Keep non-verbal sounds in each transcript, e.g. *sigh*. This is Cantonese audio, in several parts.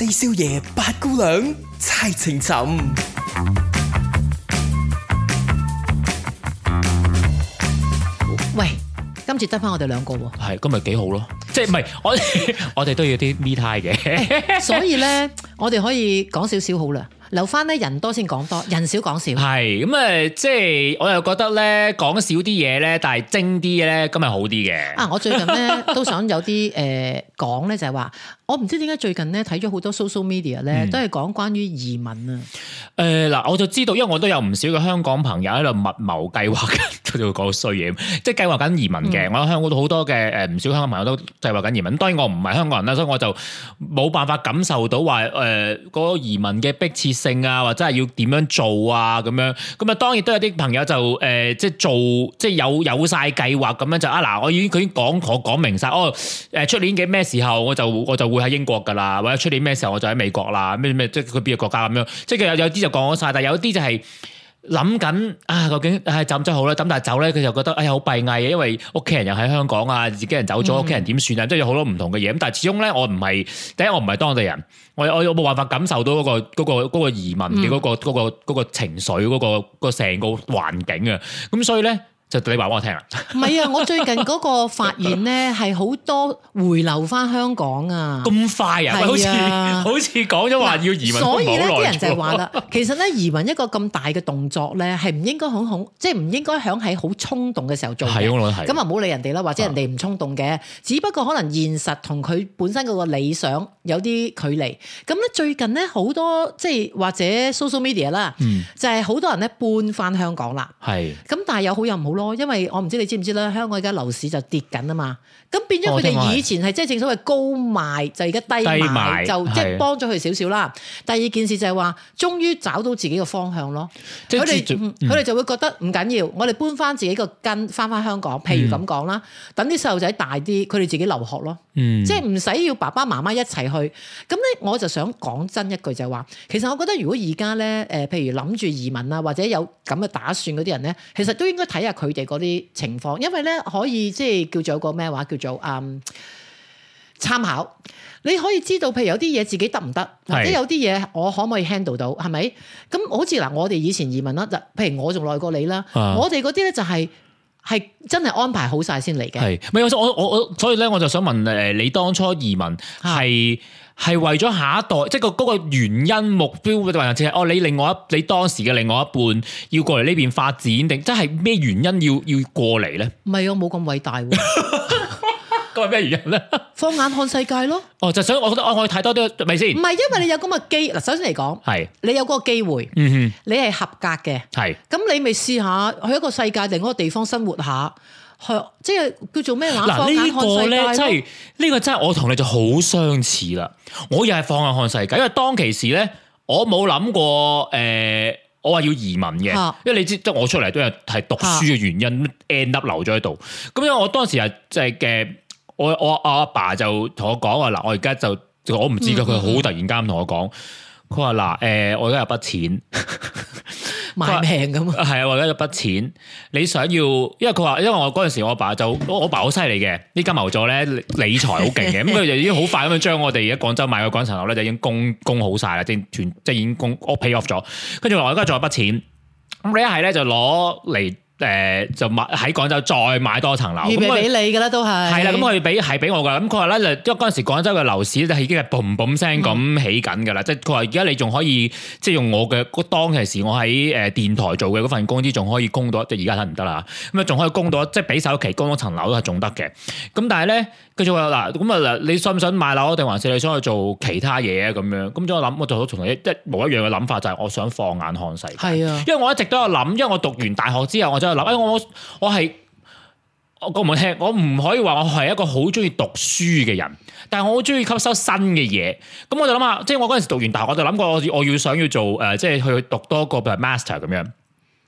四少爺、八姑娘，猜情尋。喂，今次得翻我哋兩個，係今日幾好咯？即係唔係我我哋都要啲 me time 嘅。所以咧，我哋可以講少少好啦，留翻咧人多先講多，人少講少。係咁誒，即係我又覺得咧講少啲嘢咧，但係精啲嘅咧，今日好啲嘅。啊，我最近咧都想有啲誒講咧，就係話。我唔知點解最近咧睇咗好多 social media 咧，都係講關於移民啊、嗯。誒嗱、呃，我就知道，因為我都有唔少嘅香港朋友喺度密謀計劃緊，佢哋會講衰嘢，即係計劃緊移民嘅。我喺香港好多嘅誒，唔少香港朋友都計劃緊移民。當然我唔係香港人啦，所以我就冇辦法感受到話誒嗰移民嘅迫切性啊，或者係要點樣做啊咁樣。咁啊，當然都有啲朋友就誒即係做，即係有有晒計劃咁樣就啊嗱，我已經佢已經講我講明晒哦誒，出年嘅咩時候我就我就會。喺英國噶啦，或者出年咩時候我就喺美國啦，咩咩即係佢邊個國家咁樣，即係佢有有啲就講晒，但係有啲就係諗緊啊，究竟係走真好咧，咁但係走咧佢就覺得哎呀好閉翳啊，因為屋企人又喺香港啊，自己人走咗，屋企人點算啊，即係有好多唔同嘅嘢。咁但係始終咧，我唔係，第一我唔係當地人，我我冇辦法感受到嗰個嗰個嗰個移民嘅嗰個嗯嗰個嗰個情緒嗰個成個環境啊。咁所以咧。就對你話俾我聽啦。唔係啊，我最近嗰個發現咧，係好多回流翻香港啊。咁快啊？好似好似講咗話要移民。所以咧啲人就係話啦，其實咧移民一個咁大嘅動作咧，係唔應該響好，即係唔應該響喺好衝動嘅時候做。咁我咁啊，唔好理人哋啦，或者人哋唔衝動嘅，只不過可能現實同佢本身嗰個理想有啲距離。咁咧最近咧好多即係或者 social media 啦，就係好多人咧搬翻香港啦。係。咁但係有好有唔好。因為我唔知你知唔知啦，香港而家樓市就跌緊啊嘛。咁變咗佢哋以前係即係正所謂高賣就而家低賣，低賣就即係幫咗佢少少啦。的第二件事就係話，終於找到自己嘅方向咯。佢哋佢哋就會覺得唔緊要，嗯、我哋搬翻自己個根翻翻香港。譬如咁講啦，嗯、等啲細路仔大啲，佢哋自己留學咯。嗯、即係唔使要爸爸媽媽一齊去。咁咧，我就想講真一句就係話，其實我覺得如果而家咧誒，譬如諗住移民啊，或者有咁嘅打算嗰啲人咧，其實都應該睇下佢哋嗰啲情況，因為咧可以即係叫做一個咩話叫。叫做參、嗯、考，你可以知道，譬如有啲嘢自己得唔得，是或者有啲嘢我可唔可以 handle 到，係咪？咁好似嗱，我哋以前移民啦，就譬如我仲耐過你啦，啊、我哋嗰啲咧就係、是、係真係安排好晒先嚟嘅。係，係我我所以咧，我就想問誒，你當初移民係係是為咗下一代，即係個個原因目標，或者係哦，你另外一你當時嘅另外一半要過嚟呢邊發展，定即係咩原因要要過嚟咧？唔係，我冇咁偉大。 *laughs* 都係咩原因咧？放眼看世界咯！哦，就所以我覺得我可以睇多啲，咪先？唔係，因為你有咁嘅機嗱。首先嚟講，係是你有嗰個機會，嗯哼，你係合格嘅，係咁是，你咪試下去一個世界定嗰個地方生活下，係即係叫做咩話？嗱，個呢個咧，即係呢個真係我同你就好相似啦！我又係放眼看世界，因為當其時咧，我冇諗過誒、呃，我話要移民嘅，的因為你知，即我出嚟都有係讀書嘅原因，end up 留咗喺度。咁因為我當時係即係嘅。我我阿爸，爸就同我講話，嗱，我而家就我唔知噶，佢好突然間同我講，佢話嗱，誒、呃，我而家有筆錢 *laughs* 說賣命咁啊，係 *laughs* 啊，我而家有筆錢，你想要，因為佢話，因為我嗰陣時，我阿爸，爸 *laughs* 就我爸好犀利嘅，呢個金牛座咧理財好勁嘅，咁佢就已經好快咁樣將我哋而家廣州買嘅嗰層樓咧就已經供供好晒啦，即全即係已經供屋 pay off 咗，跟住話我而家仲有筆錢，咁你一係咧就攞嚟。誒、呃、就買喺廣州再買多層樓，預備俾你㗎啦，都係係、嗯、啦，咁佢要俾係俾我㗎。咁佢話咧，因為嗰陣時廣州嘅樓市咧已經係嘣嘣聲咁起緊㗎啦。即係佢話而家你仲可以即係、就是、用我嘅當其時我喺誒電台做嘅嗰份工資，仲可以供到到。即係而家得唔得啦。咁啊仲可以供到，即係俾首期供多層樓都係仲得嘅。咁但係咧，佢就話嗱，咁啊你想唔想買樓定還是你想去做其他嘢咁樣，咁我諗，我做到從來一冇一樣嘅諗法，就係我想放眼看世界。係啊，因為我一直都有諗，因為我讀完大學之後，我嗱，我我係我講唔好聽，我唔可以話我係一個好中意讀書嘅人，但係我好中意吸收新嘅嘢。咁我就諗下，即係我嗰陣時讀完大學，我就諗過，我我要想要做誒、呃，即係去讀多個 master 咁樣。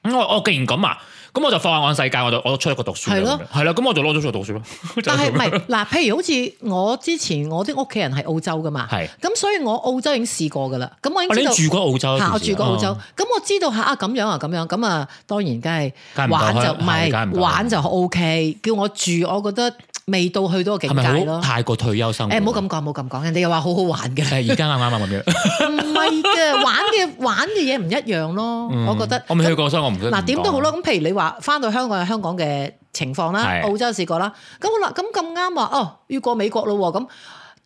咁我我既然咁啊。咁我就放下我世界，我就出的我就出去讀書，係 *laughs* 咯這，係啦。咁我就攞咗出去讀書咯。但係唔係，嗱，譬如好似我之前我啲屋企人係澳洲噶嘛，係。咁所以我澳洲已經試過噶啦。咁我已經知道、啊、住過澳洲，我住過澳洲。咁、哦、我知道嚇啊，咁樣啊，咁樣咁啊，啊，當然梗係玩就唔係玩就 OK。叫我住，我覺得。未到去到個境界咯，太過退休生活。誒，唔好咁講，唔好咁講，人哋又話好好玩嘅。但係，而家啱啱啊，問咗。唔係嘅，玩嘅玩嘅嘢唔一樣咯，我覺得。我未去過，所以我唔識。嗱，點都好啦，咁譬如你話返到香港係香港嘅情況啦，澳洲試過啦，咁好啦，咁咁啱話哦，要過美國咯咁，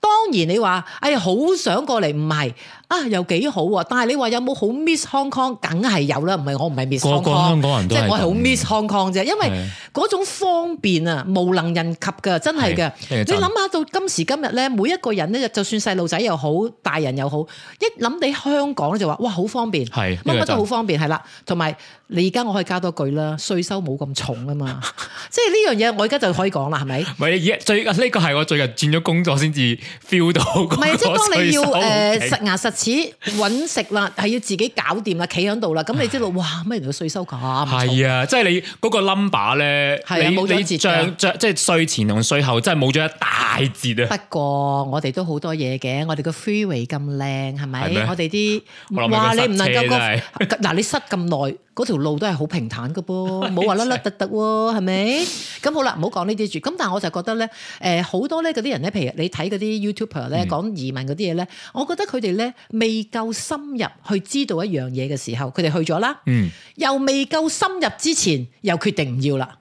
當然你話，哎呀，好想過嚟，唔係。啊，又幾好喎，啊！但係你話有冇好 miss Hong Kong？梗係有啦，唔係我唔係 miss Hong Kong，香港人都即係我係好 miss Hong Kong 啫。因為嗰的種方便啊，無能人及嘅，真係嘅。這個、你諗下到今時今日咧，每一個人咧，就算細路仔又好，大人又好，一諗起香港咧就話哇，好方便，乜乜、這個、都好方便，係啦。同埋你而家我可以加多句啦，稅收冇咁重啊嘛。 *laughs* 即係呢樣嘢，我而家就可以講啦，係咪？唔係而家最呢個係我最近轉咗工作先至 feel 到。唔係即係當你要誒、呃、實牙實。似揾食啦，係要自己搞掂啦，企喺度啦。咁你知道哇，咩嘢嚟到稅收咁？係啊，即係你嗰個 number 咧，你你漲漲，即係稅前同稅後，真係冇咗一大截啊！不過我哋都好多嘢嘅，我哋個 freeway 咁靚係咪？我哋啲話你唔能夠嗱，你塞咁耐嗰條路都係好平坦㗎噃，冇話甩甩突突喎，係咪？咁好啦，唔好講呢啲住。咁但係我就覺得咧，誒好多咧嗰啲人咧，譬如你睇嗰啲 YouTuber 咧講移民嗰啲嘢咧，我覺得佢哋咧。未夠深入去知道一樣嘢嘅時候，佢哋去咗啦。嗯。又未夠深入之前，又決定唔要啦。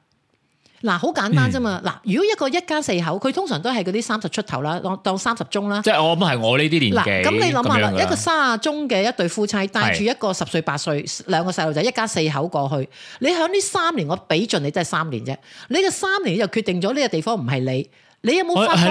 嗱，好簡單啫嘛。嗱，如果一個一家四口，佢通常都係嗰啲三十出頭啦，當當三十中啦。即係我諗係我呢啲年紀。咁你諗下啦，一個卅中嘅一對夫妻帶住一個十歲八歲兩個細路仔，一家四口過去，你響呢三年，我俾盡你真係三年啫。你個三年就決定咗呢個地方唔係你。你有冇發現？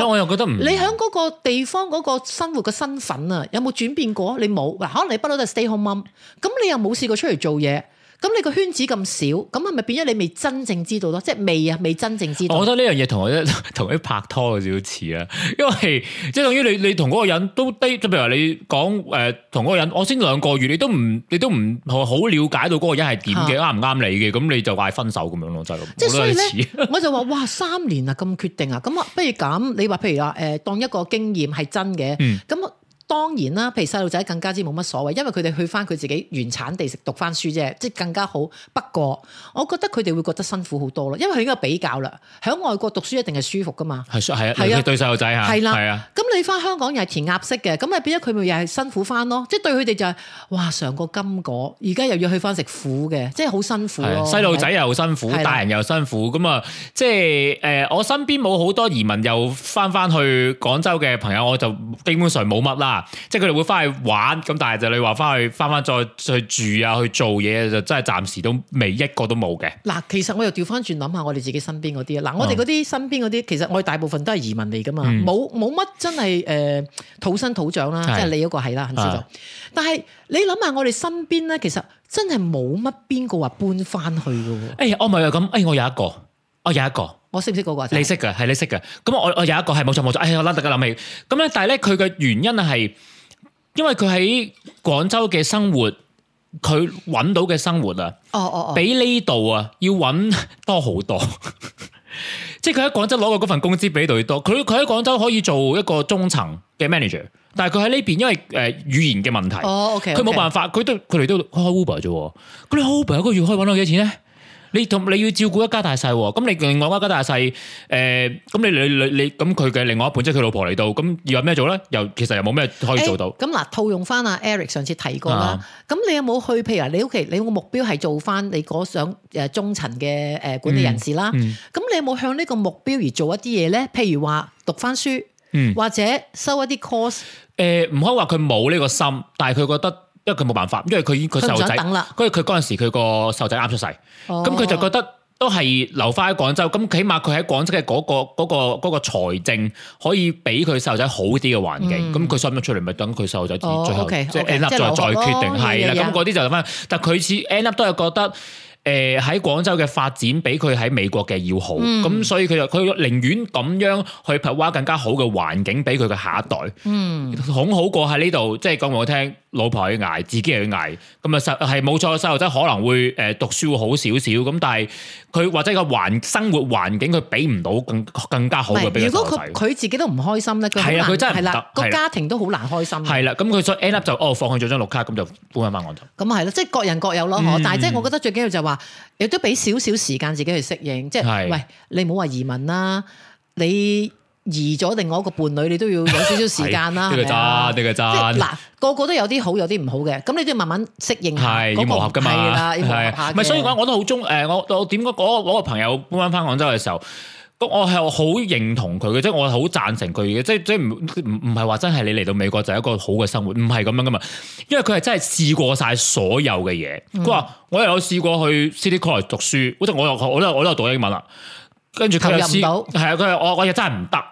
你喺嗰個地方嗰個生活嘅身份啊，有冇轉變過？你冇嗱，可能你不嬲都 stay home mom，咁你又冇試過出嚟做嘢。咁你個圈子咁少，咁係咪變咗你未真正知道咯？即係未啊，未真正知道。我覺得呢樣嘢同我同佢拍拖有少似啦，因為即係、就係、等於你你同嗰個人都低，就譬如話你講誒同嗰個人，我先兩個月，你都唔你都唔好了解到嗰個人係點嘅，啱唔啱你嘅，咁你就嗌分手咁樣咯，就係咯，冇得一似。我，我就話哇，三年啊，咁決定啊，咁我不如咁，你話譬如話誒，當一個經驗係真嘅，咁、嗯當然啦，譬如細路仔更加之冇乜所謂，因為佢哋去翻佢自己原產地食讀翻書啫，即係更加好。不過我覺得佢哋會覺得辛苦好多咯，因為佢應該比較啦。喺外國讀書一定係舒服噶嘛，係係啊，對細路仔係啦，係啊。咁、啊啊啊、你翻香港又係填鴨式嘅，咁咪變咗佢咪又係辛苦翻咯。即係對佢哋就係哇嘗過金果，而家又要去翻食苦嘅，即係好辛苦、啊。細路仔又辛苦，啊、大人又辛苦，咁啊、嗯、即係誒、呃，我身邊冇好多移民又翻翻去廣州嘅朋友，我就基本上冇乜啦。即係佢哋會翻去玩，咁但係就你話翻去翻翻再再住啊，去做嘢就真係暫時都未一個都冇嘅。嗱、嗯，其實我又調翻轉諗下我哋自己身邊嗰啲，嗱，我哋嗰啲身邊嗰啲，其實我哋大部分都係移民嚟噶嘛，冇冇乜真係誒土生土長啦，即係、嗯、你嗰個係啦，係啊、係啊。但係你諗下我哋身邊咧，其實真係冇乜邊個話搬翻去噶。誒、欸，我咪係咁，誒、欸，我有一個，我有一個。我懂懂識唔識嗰個？你識嘅，係你識嘅。咁我我有一個係冇錯冇錯。誒，我大家諗起！咁咧，但係咧，佢嘅原因係因為佢喺廣州嘅生活，佢揾到嘅生活啊，哦哦、oh, oh, oh. 比呢度啊要揾多好多。即係佢喺廣州攞嘅嗰份工資比呢度多。佢佢喺廣州可以做一個中層嘅 manager，但係佢喺呢邊因為誒語言嘅問題，哦、oh, OK，佢、okay. 冇辦法，佢都佢哋都開 Uber 啫。咁你 Uber 一個月可以揾到幾多錢咧？你同你要照顧一家大細喎，咁你另外一家大細，誒、呃，咁你你你你，咁佢嘅另外一半即係佢老婆嚟到，咁要有咩做咧？又其實又冇咩可以做到。咁嗱、欸，套用翻阿 Eric 上次提過啦，咁、啊、你有冇去？譬如話你屋企，你個目標係做翻你嗰想誒中層嘅誒管理人士啦，咁、嗯嗯、你有冇向呢個目標而做一啲嘢咧？譬如話讀翻書，嗯、或者收一啲 course。誒、欸，唔可以話佢冇呢個心，但係佢覺得。因為佢冇辦法，因為佢已經佢細路仔，跟住，佢嗰陣時佢個細路仔啱出世，咁佢、哦、就覺得都係留翻喺廣州，咁起碼佢喺廣州嘅嗰個嗰個嗰個財政可以俾佢細路仔好啲嘅環境，咁佢、嗯、想唔出嚟，咪、就是、等佢細路仔最後、哦、okay, okay, 即係 end up 再再決定係啦，咁啲就翻，但佢似 end up 都係覺得。誒喺廣州嘅發展比佢喺美國嘅要好，咁、嗯、所以佢就佢寧願咁樣去 provide 更加好嘅環境俾佢嘅下一代，嗯、好過喺呢度，即係講俾我聽，老婆去捱，自己去捱，咁啊細係冇錯，細路仔可能會誒讀書會好少少，咁但係。佢或者個環生活環境佢俾唔到更更加好嘅俾佢個仔。如果佢佢自己都唔開心咧，係啊，佢真係唔得。個家庭都好難開心。係啦、啊，咁佢所以 end up 就哦放棄咗張綠卡，咁就搬喺馬鞍山。咁啊係咯，即係各人各有咯，嗬。但係即係我覺得最緊要就係話，亦都俾少少時間自己去適應。即係，喂，你唔好話移民啦，你。移咗另外一個伴侶，你都要有少少時間啦，係咪啊？吧即係嗱，個個都有啲好，有啲唔好嘅。咁你都要慢慢適應嗰的、要磨合㗎、嘛。係啦的，係咪的？所以講我都好中誒，我我點解嗰個朋友搬翻翻廣州嘅時候，我係好認同佢嘅，即係我係好贊成佢嘅，即即唔唔唔係話真係你嚟到美國就係一個好嘅生活，唔係咁樣噶嘛。因為佢係真係試過晒所有嘅嘢。佢話、嗯、我又有試過去 City College、er、讀書，嗰陣我又我都有我都有讀英文啦。跟住佢又試到，係啊！佢話我我嘢真係唔得。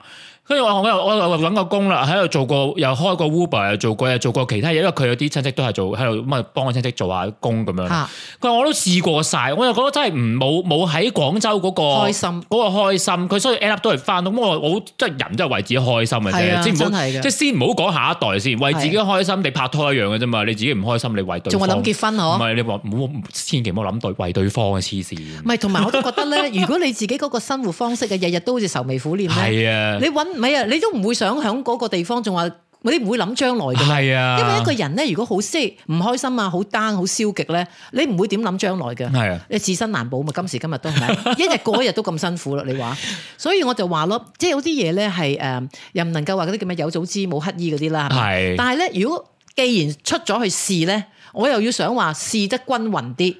跟住我我又我又揾過工啦，喺度做過又開過 Uber，又做過又做過其他嘢，因為佢有啲親戚都係做喺度，乜幫親戚做下工咁樣。佢話我都試過曬，我又覺得真係唔冇冇喺廣州嗰個開心嗰個開心。佢所以 end up 都係翻咁我我即係人即係為自己開心嘅啫，即係唔好即係先唔好講下一代先，為自己開心。你拍拖一樣嘅啫嘛，你自己唔開心，你為對仲話諗結婚嗬？唔係你話唔好千祈唔好諗對為對方嘅黐線。唔係同埋我都覺得咧，如果你自己嗰個生活方式嘅日日都好似愁眉苦臉咧，你揾。唔係啊，你都唔會想喺嗰個地方，仲話你唔會諗將來嘅。係是啊，因為一個人咧，如果好 sick 唔開心啊，好 down，好消極咧，你唔會點諗將來嘅。係是啊，你自身難保嘛，今時今日都係咪？ *laughs* 一日過一日都咁辛苦啦，你話？所以我就話咯，即係有啲嘢咧係誒，又唔能夠話嗰啲叫咩有早知冇乞兒嗰啲啦。係，是啊、但係咧，如果既然出咗去試咧，我又要想話試得均勻啲。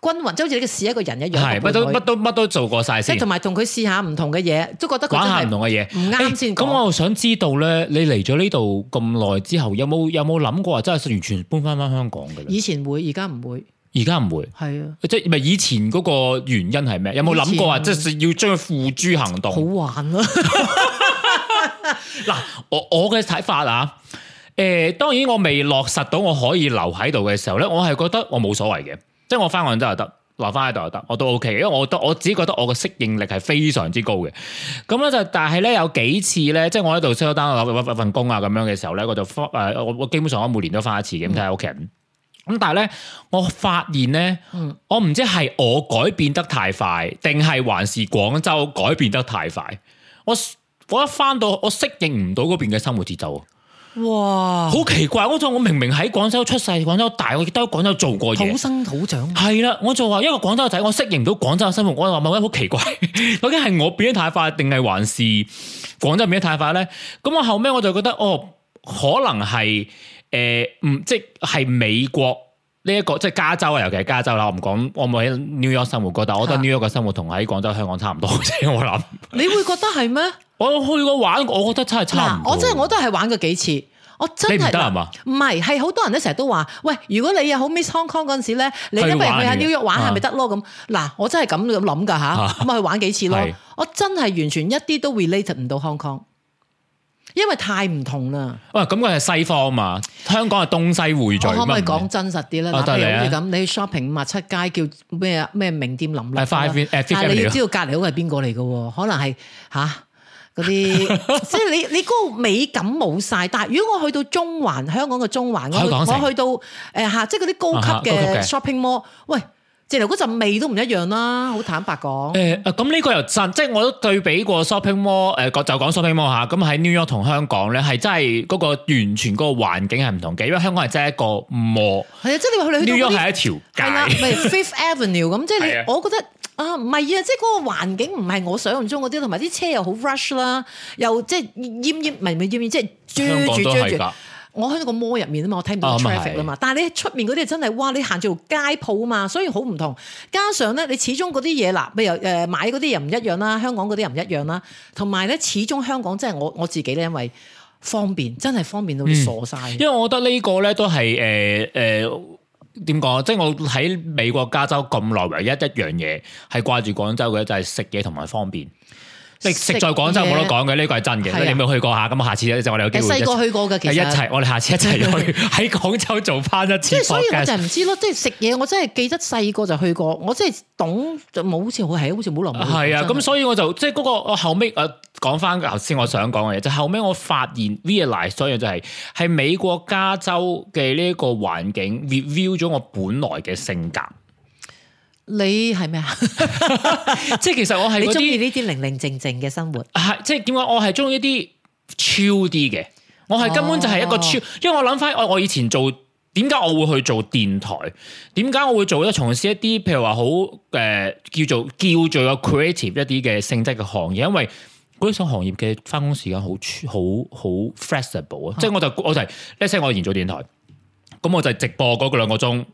均勻就好似你嘅試一個人一樣，係乜都乜都乜都做過晒，即係同埋同佢試下唔同嘅嘢，都覺得玩下唔同嘅嘢唔啱先。咁我又想知道咧，你嚟咗呢度咁耐之後，有冇有冇諗過話真係完全搬翻翻香港嘅？以前會，而家唔會。而家唔會係啊，即係的以前嗰個原因係咩？有冇諗過話即係要將佢付諸行動？好玩咯，啊。嗱， *laughs* *laughs* 我我嘅睇法啊，誒、呃，當然我未落實到我可以留喺度嘅時候咧，我係覺得我冇所謂嘅。即係我翻廣州又得，留翻喺度又得，我都 O、OK、K。因為我都我自己覺得我嘅適應力係非常之高嘅。咁咧就，但係咧有幾次咧，即係我喺度收單啊，搵份工啊，咁樣嘅時候咧，我就翻誒，我、呃、我基本上我每年都翻一次嘅，咁睇下屋企人。咁但係咧，我發現咧，我唔知係我改變得太快，定係還是廣州改變得太快。我我一翻到，我適應唔到嗰邊嘅生活節奏。哇，好奇怪！我我明明喺廣州出世，廣州大，我亦都喺廣州做過土生土長。係啦，我就話一個廣州仔，我適應唔到廣州嘅生活，我就話覺得好奇怪。究竟係我變得太快，定係還是廣州變得太快咧？咁我後尾我就覺得，哦，可能係誒，嗯、呃，即係美國呢一個，即係加州啊，尤其係加州啦。我唔講，我冇喺 New York 生活過，但我覺得 New York 嘅生活同喺廣州、香港差唔多。我諗、啊， *laughs* 你會覺得係咩？我去過玩，我覺得真係差唔多。我真係我都係玩過幾次，我真係唔係係，好多人咧成日都話，喂，如果你又好 miss Hong Kong 嗰陣時咧，你不如去下 New York 玩下咪得咯咁。嗱，我真係咁咁諗㗎吓，咁咪去玩幾次咯。我真係完全一啲都 related 唔到 Hong Kong，因為太唔同啦。喂，咁佢係西方嘛，香港係東西匯聚。可唔可以講真實啲咧？嗱，好似咁，你去 shopping 五啊七街叫咩咩名店林立，但你要知道隔離屋係邊個嚟嘅喎？可能係嚇。嗰啲即係你你嗰個美感冇晒。但係如果我去到中環，香港嘅中環，我去，我去到誒嚇、呃，即係嗰啲高級嘅 shopping mall，嗯，喂。直頭嗰陣味都唔一樣啦，好坦白講。誒誒、欸，咁、啊、呢、這個又真，即係我都對比過 Shopping Mall，誒，就講 Shopping Mall 嚇。咁喺 New York 同香港咧，係真係嗰、那個完全嗰個環境係唔同嘅，因為香港係真係一個唔係 *music* 啊，啊，即係你話去 New York 係一條街。係啦，咪 Fifth Avenue 咁，即係我覺得啊，唔係啊，即係嗰個環境唔係我想像中嗰啲，同埋啲車又好 rush 啦，又即係淹淹，明明唔淹即係追住追住。我喺個摩入面啊嘛，我睇唔到 traffic 啦嘛。哦、但係你出面嗰啲真係，哇！你行住條街鋪啊嘛，所以好唔同。加上咧，你始終嗰啲嘢，嗱，譬如誒買嗰啲又唔一樣啦，香港嗰啲又唔一樣啦。同埋咧，始終香港真係我我自己咧，因為方便，真係方便到你傻晒、嗯。因為我覺得呢個咧都係誒誒點講？即係我喺美國加州咁耐，唯一一樣嘢係掛住廣州嘅就係食嘢同埋方便。食食在廣州冇得講嘅，呢、呢個係真嘅。啊、你有冇去過下？咁我下次就我哋有機會。細個去過嘅，其實一齊，我哋下次一齊去喺 *laughs* 廣州做翻一次。即係所以我就唔知咯。即係食嘢，我真係記得細個就去過。我真係懂就冇好似我係，好似冇諗。係啊，咁的所以我就即係嗰個我後尾誒講翻頭先我想講嘅嘢，就是、後尾我發現 realise 所以就係係美國加州嘅呢個環境 review 咗我本來嘅性格。你係咩啊？ *laughs* *laughs* 即係其實我係嗰你中意呢啲寧寧靜靜嘅生活？係即係點解我係中意一啲超啲嘅。我係根本就係一個超，哦、因為我諗翻我我以前做點解我會去做電台？點解我會做一從事一啲譬如話好誒叫做叫做有 creative 一啲嘅性質嘅行業？因為嗰種行業嘅翻工時間好好好 flexible 啊！哦、即係我就我就 set、是、我以前做電台，咁我就直播嗰兩個鐘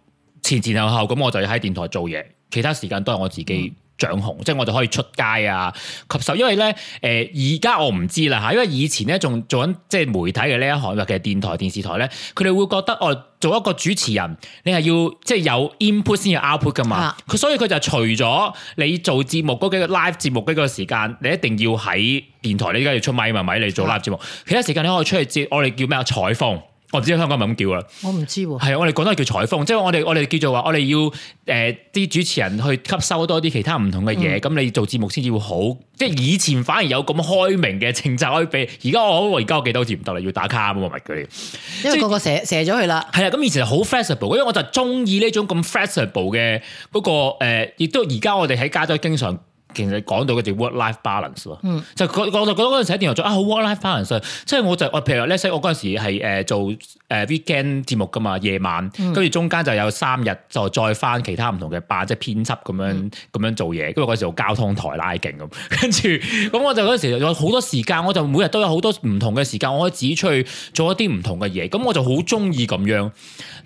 前前後後，咁我就要喺電台做嘢。其他時間都係我自己掌控，嗯、即係我就可以出街啊，吸收。因為咧，誒而家我唔知啦嚇，因為以前咧仲做緊即係媒體嘅呢一行，或者電台、電視台咧，佢哋會覺得我做一個主持人，你係要即係有 input 先有 output 㗎嘛。佢、啊、所以佢就除咗你做節目嗰幾個 live 節目嗰個時間，你一定要喺電台，你而家要出咪咪咪你做 live 節目。嗯、其他時間你可以出去接，我哋叫咩啊？採訪。我唔知香港係咪咁叫啦、啊，我唔知喎。係、就、啊、是，我哋講都係叫採風，即係我哋我哋叫做話，我哋要誒啲、呃、主持人去吸收多啲其他唔同嘅嘢，咁、嗯、你做節目先至會好。即係以前反而有咁開明嘅政策可以俾，而家我我而家我記得好似唔得啦，要打卡啊嘛，咪係佢。因為個個射、就是、射咗佢啦。係啊，咁以前好 flexible，因為我就中意呢種咁 flexible 嘅嗰、那個亦、呃、都而家我哋喺家都經常。其實講到嗰隻 work-life balance 咯、嗯，就我就覺得嗰陣喺電台做啊，好 work-life balance，即係我就哦，譬如話 last 我嗰陣時係、呃、做誒 weekend 節目㗎嘛，夜晚跟住、嗯、中間就有三日就再翻其他唔同嘅班，即係編輯咁樣咁樣做嘢，跟住嗰陣時做交通台拉勁咁，跟住咁我就嗰陣時有好多時間，我就每日都有好多唔同嘅時間，我可以自己出去做一啲唔同嘅嘢，咁我就好中意咁樣。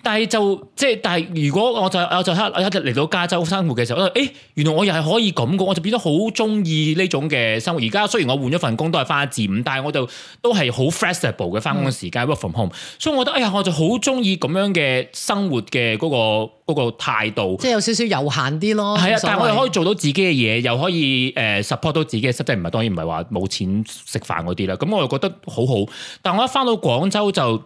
但係就即係、就是，但係如果我就我就一一日嚟到加州生活嘅時候，誒、欸、原來我又係可以咁嘅，我就變咗。好中意呢種嘅生活，而家雖然我換咗份工，都係翻一至五，但係我就都係好 flexible 嘅翻工時間 work from home，所以我覺得哎呀，我就好中意咁樣嘅生活嘅嗰個嗰個態度，即係有少少悠閒啲咯。係啊，但係我又可以做到自己嘅嘢，又可以誒、呃、support 到自己，嘅。實際唔係當然唔係話冇錢食飯嗰啲啦。咁我又覺得好好。但我一翻到廣州就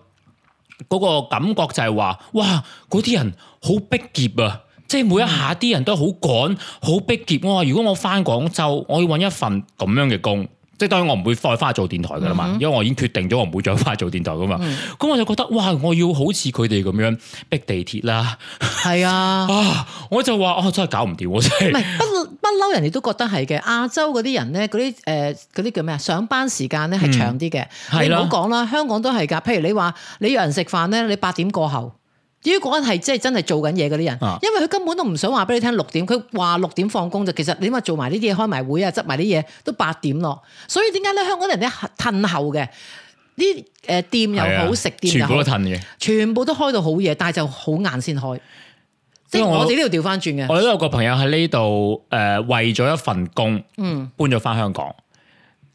嗰個感覺就係話，哇！嗰啲人好逼傑啊～即係每一下啲人都好趕，好逼劫我話：如果我翻廣州，我要揾一份咁樣嘅工。即係當然我唔會再翻去做電台噶啦嘛，因為我已經決定咗我唔會再翻去做電台噶嘛。咁、嗯、我就覺得哇，我要好似佢哋咁樣逼地鐵啦，係啊，啊，我就話、哦、我真係搞唔掂我真係。唔不是 *laughs* 不嬲，人哋都覺得係嘅。亞洲嗰啲人咧，嗰啲誒啲叫咩啊？上班時間咧係長啲嘅，嗯、你唔好講啦。啊、香港都係㗎。譬如你話你，你約人食飯咧，你八點過後。至於嗰啲係真係真係做緊嘢嗰啲人，因為佢根本都唔想話俾你聽六點，佢話六點放工就其實你咪做埋呢啲嘢，開埋會啊、執埋啲嘢都八點咯。所以點解咧香港人咧褪後嘅？啲誒店又好食店又好全部都褪嘅，全部都開到好夜，但係就好晏先開。即係我哋呢度調翻轉嘅。我都有個朋友喺呢度誒，為咗一份工，嗯，搬咗翻香港。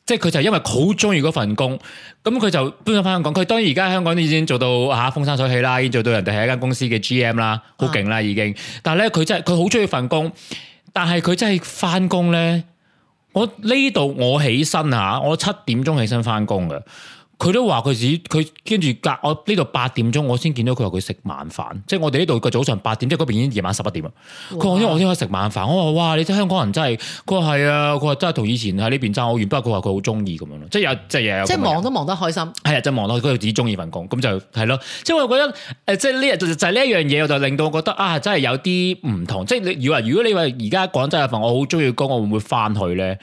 即係佢就因為好中意嗰份工，咁佢就搬咗返香港。佢當然而家香港已經做到嚇風生水起啦，已經做到人哋係一間公司嘅 GM 啦，好勁啦已經、啊但。但係咧，佢真係佢好中意份工，但係佢真係返工咧，我呢度我起身嚇，我七點鐘起身返工㗎。佢都話佢自己，佢跟住隔我呢度八點鐘，我先見到佢話佢食晚飯，即係我哋呢度個早上八點，即係嗰邊已經夜晚十一點啊！佢話哇 因為我先我先可以食晚飯，我話哇，你香港人真係，佢話係啊，佢話真係同以前喺呢邊爭好遠，不過佢話佢好中意咁樣咯，即係有即係有即係即係忙都忙得開心。係啊，就望到佢自己中意份工，咁就係咯。即係我覺得誒，即係呢就就係呢一樣嘢，我就令到我覺得啊，真係有啲唔同。即係你以為如，如果你話而家廣州有份，我好中意嘅工，我會唔會翻去咧？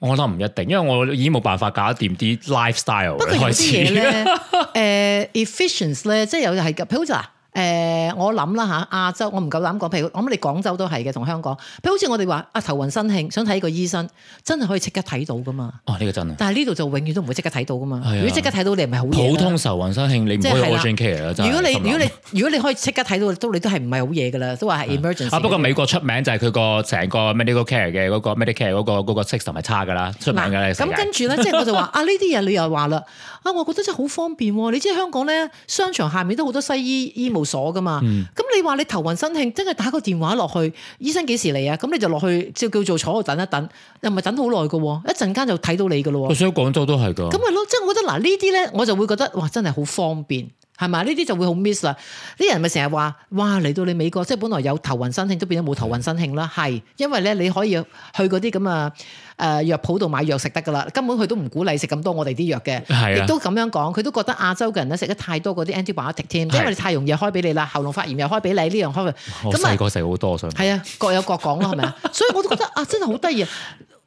我覺得唔一定，因為我已經冇辦法搞得掂啲 lifestyle 開始啦。誒，efficiency 咧，即係有就係嘅，Pulzar。誒、呃，我諗啦嚇亞洲，我唔夠膽講。譬如我諗，你廣州都係嘅，同香港。譬如好似我哋話啊，頭暈身興，想睇個醫生，真係可以即刻睇到噶嘛？哦，呢、呢個真啊！但係呢度就永遠都唔會即刻睇到噶嘛。如果即刻睇到，你唔係好普通頭暈身興，你唔可以 urgent care 真，如果你如果你如果你可以即刻睇到，都你都係唔係好嘢噶啦？都話係 emergency。不過美國出名就係佢個成 Med、嗰個 medical care 嘅嗰、嗰個 m e d i c a r e 嗰個嗰、啊、個 system 係差噶啦，出名嘅啦，咁跟住咧，即係 *laughs* 我就話啊，呢啲嘢你又話啦啊，我覺得真係好方便喎。你知香港咧，商場下面都好多西醫醫務。所噶嘛，咁、嗯、你話你頭暈身慶，真係打個電話落去，醫生幾時嚟啊？咁你就落去，就叫做坐度等一等，又唔係等好耐噶，一陣間就睇到你噶咯。我想廣州都係噶，咁咪咯，即係我覺得嗱呢啲咧，我就會覺得哇，真係好方便，係咪？呢啲就會好 miss 啦。啲人咪成日話哇，嚟到你美國，即係本來有頭暈身慶，都變咗冇頭暈身慶啦。係、嗯、因為咧，你可以去嗰啲咁啊。誒、呃、藥舖度買藥食得㗎啦，根本佢都唔鼓勵食咁多我哋啲藥嘅，啊、亦都咁樣講，佢都覺得亞洲嘅人咧食得太多嗰啲 antibiotic 添、啊，因為你太容易開俾你啦，喉嚨發炎又開俾你呢樣開㗎，咁啊細個食好多想，係啊各有各講咯係咪啊？所以我都覺得啊真係好得意啊，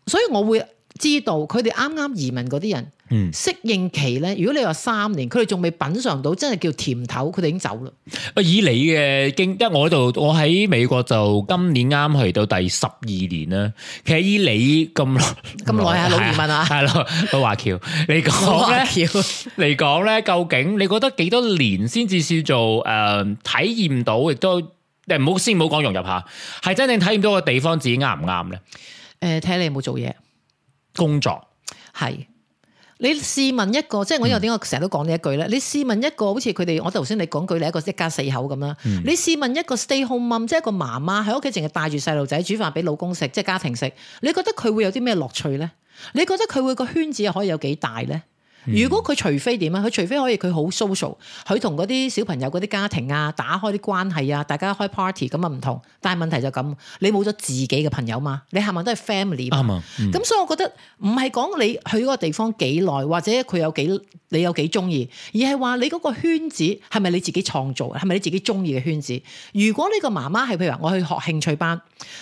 所以我會。知道佢哋啱啱移民嗰啲人，嗯、適應期咧。如果你話三年，佢哋仲未品嚐到真係叫甜頭，佢哋已經走啦。啊，以你嘅經，因為我喺度，我喺美國就今年啱去到第十二年啦。其實以你咁咁耐啊，對老移民啊，係咯，老華僑，你講咧，嚟講咧，究竟你覺得幾多年先至算做誒、呃、體驗到？亦都你唔好先唔好講融入下，係真正體驗到個地方自己啱唔啱咧？誒、嗯，睇下你有冇做嘢。 *laughs* 工作係，你試問一個，即係我又點解成日都講呢一句咧？你試問一個好似佢哋，我頭先你講句你一個一家四口咁啦，嗯、你試問一個 stay home mom，即係一個媽媽喺屋企淨係帶住細路仔煮飯俾老公食，即係家庭食，你覺得佢會有啲咩樂趣咧？你覺得佢會個圈子可以有幾大咧？如果佢除非點啊？佢除非可以佢好 social，佢同嗰啲小朋友嗰啲家庭啊，打開啲關係啊，大家開 party 咁啊唔同。但係問題就咁，你冇咗自己嘅朋友嘛？你係咪都係 family？啱啊。咁、嗯、所以我覺得唔係講你去嗰個地方幾耐，或者佢有幾你有幾中意，而係話你嗰個圈子係咪你自己創造，係咪你自己中意嘅圈子？如果呢個媽媽係譬如話我去學興趣班，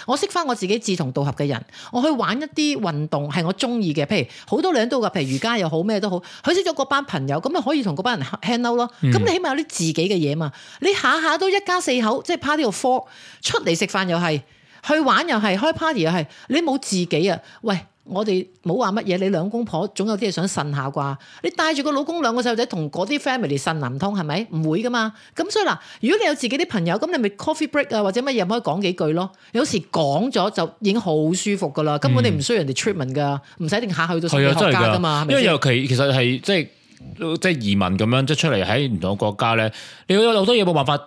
我識翻我自己志同道合嘅人，我去玩一啲運動係我中意嘅，譬如好多女人都，譬如瑜伽又好咩都好。佢識咗嗰班朋友，咁咪可以同嗰班人 hang out 咯。咁、嗯、你起碼有啲自己嘅嘢嘛？你下下都一家四口，即、就、係、是、party 個 four 出嚟食飯又係，去玩又係，開 party 又係，你冇自己啊？喂！我哋冇話乜嘢，你兩公婆總有啲嘢想呻下啩？你帶住個老公兩個細路仔同嗰啲 family 呻南通係咪？唔會噶嘛？咁所以嗱，如果你有自己啲朋友，咁你咪 coffee break 啊或者乜嘢，可以講幾句咯。有時講咗就已經好舒服噶啦，根本你唔需要人哋 treatment 噶，唔使一定下去咗。係啊，真係噶，吧因為尤其其實係即係即係移民咁樣，即係出嚟喺唔同國家咧，你會有好多嘢冇辦法。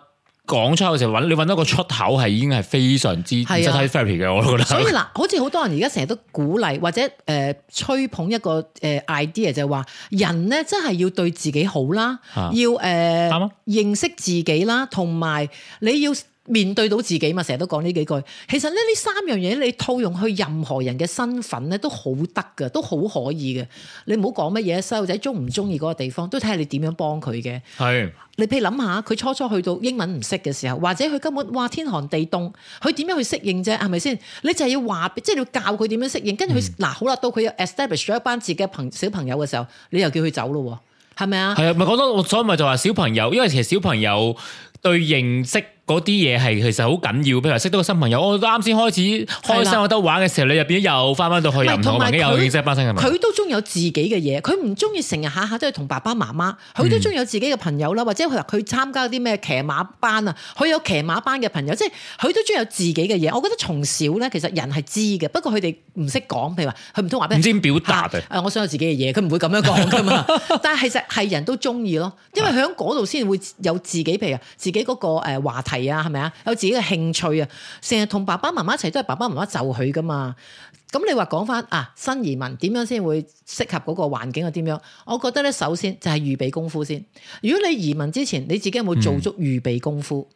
講出口嘅時候，你揾到個出口係已經係非常之即係 very 嘅，我都覺得。所以嗱，好似好多人而家成日都鼓勵或者誒、呃、吹捧一個誒、呃、idea，就係話人咧真係要對自己好啦，要誒、呃啊、認識自己啦，同埋你要。面對到自己嘛，成日都講呢幾句。其實咧，呢三樣嘢你套用去任何人嘅身份咧，都好得噶，都好可以嘅。你唔好講乜嘢細路仔鍾唔鍾意嗰個地方，都睇下你點樣幫佢嘅。係是你譬如諗下，佢初初去到英文唔識嘅時候，或者佢根本哇天寒地凍，佢點樣去適應啫？係咪先？你就係要話，即係要教佢點樣適應。跟住佢嗱好啦，到佢 establish 咗一班自己嘅朋小朋友嘅時候，你又叫佢走咯，係咪啊？係啊，咪講多，所以咪就話小朋友，因為其實小朋友對認識。嗰啲嘢係其實好緊要，譬如話識到個新朋友，我啱先開始開心，我是的 得玩嘅時候，你入邊又翻翻到去又唔同，已經又認識翻新人。佢都中意有自己嘅嘢，佢唔中意成日下下都係同爸爸媽媽，佢都中意有自己嘅朋友啦，或者佢話佢參加啲咩騎馬班啊，佢有騎馬班嘅朋友，即係佢都中意有自己嘅嘢。我覺得從小咧，其實人係知嘅，不過佢哋唔識講，譬如話佢唔通話咩，唔知點表達達、啊、我想有自己嘅嘢，佢唔會咁樣講噶嘛。 *laughs* 但係其實係人都中意咯，因為喺嗰度先會有自己，譬如啊，自己嗰個誒話題。係啊，係咪啊？有自己嘅興趣啊，成日同爸爸媽媽一齊，都係爸爸媽媽就佢㗎嘛。咁你話講返啊，新移民點樣先會適合嗰個環境啊？點樣？我覺得咧，首先就係預備功夫先。如果你移民之前，你自己有冇做足預備功夫？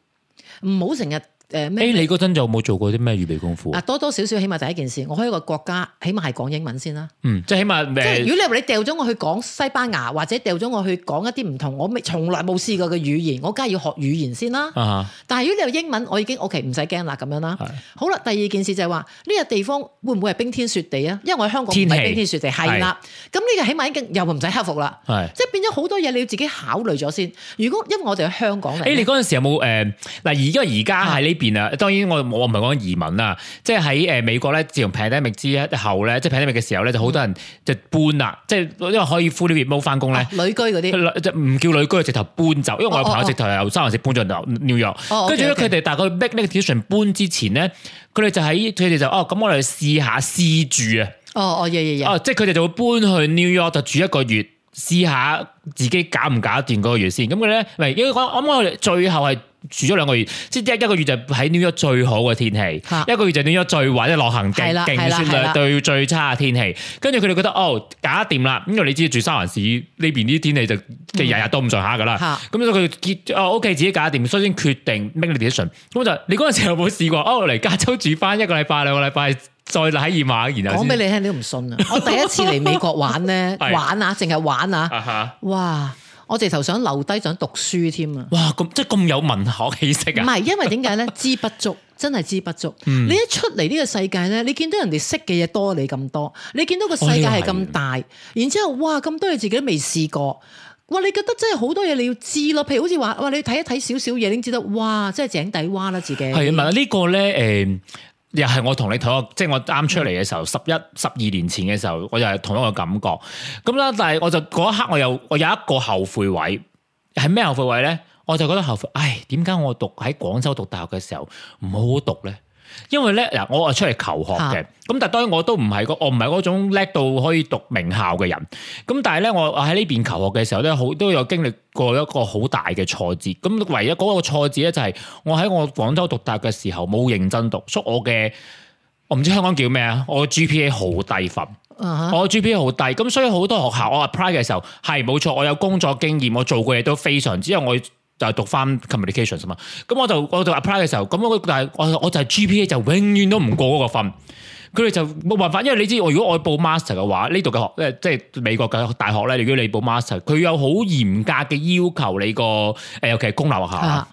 唔好成日。誒，哎、欸，你嗰陣就冇做過啲咩預備功夫啊？多多少少，起碼第一件事，我開一個國家，起碼係講英文先啦。嗯，即係起碼。即係如果你你掉咗我去講西班牙，或者掉咗我去講一啲唔同，我未從來冇試過嘅語言，我梗係要學語言先啦。Uh huh. 但係如果你有英文，我已經 OK，唔使驚啦，咁樣啦。是好啦，第二件事就係話呢個地方會唔會係冰天雪地啊？因為我喺香港唔係冰天雪地，係氣是啦。咁呢個起碼已經又唔使克服啦。是即係變咗好多嘢，你要自己考慮咗先。如果因為我哋喺香港、欸、你嗰陣時有冇誒嗱？而、呃、因而家係你？邊啊？當然我我唔係講移民啊，即係喺誒美國咧，自從 pandemic 之後咧，即係 pandemic 嘅時候咧，就好多人就搬啦，即係因為可以 full time work 翻工咧。旅、哦、居嗰啲，唔叫旅居直頭搬走。因為我有朋友直頭由三藩市搬咗 New York。跟住咧，佢哋大概 make decision 搬之前咧，佢哋就喺佢哋就哦，咁我哋試下試住啊。哦哦，哦，即係佢哋就會搬去 New York 就住一個月。試下自己搞唔搞得掂嗰個月先，咁佢咧，唔係，我我諗佢最後係住咗兩個月，即係一個月就喺 New York 最好嘅天氣，一個月就 New York 最穩嘅落行勁勁雪量對最差嘅天氣，跟住佢哋覺得哦，搞得掂啦，因為你知住三藩市呢邊啲天氣就日日都咁上下噶啦，咁佢結哦 O、OK，自己搞得掂，所以先決定 make the decision。咁就你嗰陣時有冇試過？哦嚟加州住翻一個禮拜兩個禮拜。再睇二碼，然後講俾你聽，你都唔信啊！我第一次嚟美國玩咧，玩啊，淨係玩啊，哇！我直頭想留低，想讀書添啊！哇，咁即係咁有文學氣息啊！唔係，因為點解咧？知不足，真係知不足。你一出嚟呢個世界咧，你見到人哋識嘅嘢多你咁多，你見到個世界係咁大，然之後哇，咁多嘢自己都未試過。哇，你覺得真係好多嘢你要知咯？譬如好似話，哇，你睇一睇少少嘢，你知道哇，真係井底蛙啦自己。係啊，呢個咧，誒。又係我同你同一個，即係我啱出嚟嘅時候，十一、十二年前嘅時候，我又係同一個感覺。咁啦，但係我就嗰一刻我，我又我有一個後悔位，係咩後悔位咧？我就覺得後悔，唉，點解我讀喺廣州讀大學嘅時候唔好好讀咧？因為咧，嗱，我啊出嚟求學嘅，咁但係當然我都唔係個，我唔係嗰種叻到可以讀名校嘅人。咁但係咧，我我喺呢邊求學嘅時候咧，好都有經歷過一個好大嘅挫折。咁唯一嗰個挫折咧，就係我喺我廣州讀大學嘅時候冇認真讀，所以我嘅我唔知香港叫咩啊，我嘅 GPA 好低分，uh huh. 我嘅 GPA 好低。咁所以好多學校我 apply 嘅時候係冇錯，我有工作經驗，我做過嘢都非常之有。就係讀翻 communications 啊嘛，咁我就我就 apply 嘅時候，咁我但係我我就 GPA 就永遠都唔過嗰個分，佢哋就冇辦法，因為你知，我如果我要報 master 嘅話，呢度嘅學即係即係美國嘅大學咧，如果你報 master，佢有好嚴格嘅要求你個誒，尤其係公立學校。啊